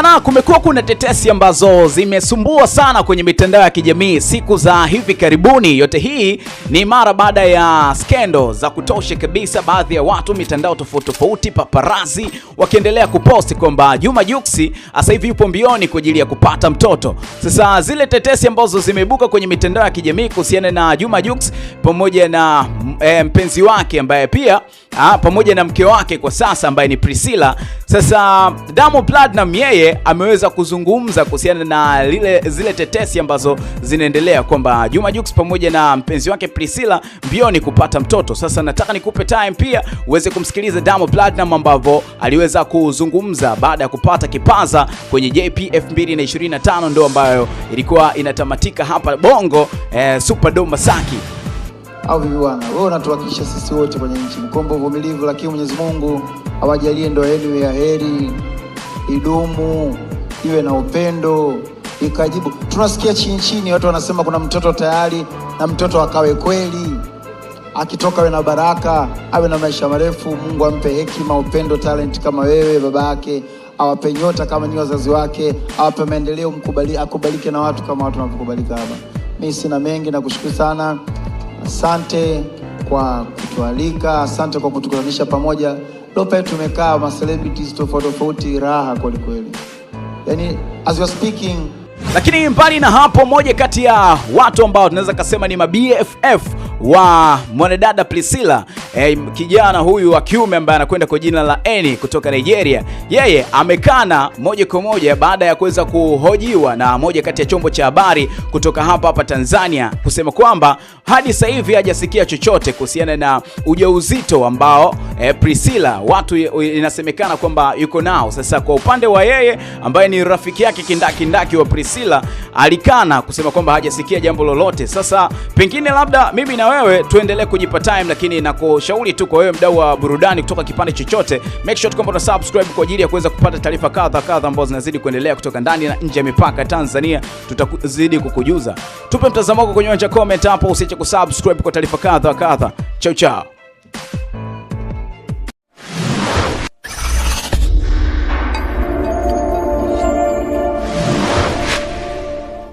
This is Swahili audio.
Bana, kumekuwa kuna tetesi ambazo zimesumbua sana kwenye mitandao ya kijamii siku za hivi karibuni. Yote hii ni mara baada ya skendo za kutosha kabisa, baadhi ya watu mitandao tofauti tofauti, paparazi wakiendelea kuposti kwamba Juma Jux sasa hivi yupo mbioni kwa ajili ya kupata mtoto. Sasa zile tetesi ambazo zimeibuka kwenye mitandao ya kijamii kuhusiana na Juma Jux pamoja na e, mpenzi wake ambaye pia ha, ah, pamoja na mke wake kwa sasa ambaye ni Priscilla. Sasa Diamond Platnumz yeye ameweza kuzungumza kuhusiana na lile, zile tetesi ambazo zinaendelea kwamba Juma Jux pamoja na mpenzi wake Priscilla mbioni kupata mtoto. Sasa nataka nikupe time pia uweze kumsikiliza Diamond Platnumz ambavyo aliweza kuzungumza baada ya kupata kipaza kwenye JPF 2025 ndo ambayo ilikuwa inatamatika hapa Bongo eh, Superdome Masaki au vipi bwana? Wewe unatuhakikisha sisi wote kwenye nchi. mkombo uvumilivu, lakini Mwenyezi Mungu awajalie ndoa yenu ya heri, idumu, iwe na upendo, ikajibu. Tunasikia chini chini watu wanasema kuna mtoto tayari na mtoto akawe kweli, akitoka awe na baraka, awe na maisha marefu. Mungu ampe hekima, upendo, talent kama wewe baba yake, awape nyota kama ni wazazi wake, awape maendeleo, mkubali, akubalike na watu kama watu wanavyokubalika hapa. Mimi sina mengi, nakushukuru sana. Asante kwa kutualika, asante kwa kutukutanisha pamoja. lope tumekaa ma celebrities tofauti tofauti, raha kweli kweli. Yani, as we are speaking lakini mbali na hapo, moja kati ya watu ambao tunaweza kasema ni ma BFF wa mwanadada Priscilla eh, kijana huyu wa kiume ambaye anakwenda kwa jina la Eni kutoka Nigeria. Yeye amekana moja kwa moja baada ya kuweza kuhojiwa na moja kati ya chombo cha habari kutoka hapa hapa Tanzania kusema kwamba hadi sasa hivi hajasikia chochote kuhusiana na ujauzito ambao eh, Priscilla watu inasemekana kwamba yuko nao. Sasa kwa upande wa yeye ambaye ni rafiki yake kindakindaki wa Priscilla alikana kusema kwamba hajasikia jambo lolote. Sasa pengine labda mimi na wewe tuendelee kujipa time, lakini nakushauri tu kwa wewe mdau wa burudani kutoka kipande chochote, make sure tukomba subscribe kwa ajili ya kuweza kupata taarifa kadha kadha ambazo zinazidi kuendelea kutoka ndani na nje ya mipaka Tanzania. Tutazidi kukujuza. Tupe mtazamo wako kwenye uwanja comment hapo, usiache kusubscribe kwa taarifa kadha kadha. Chao chao.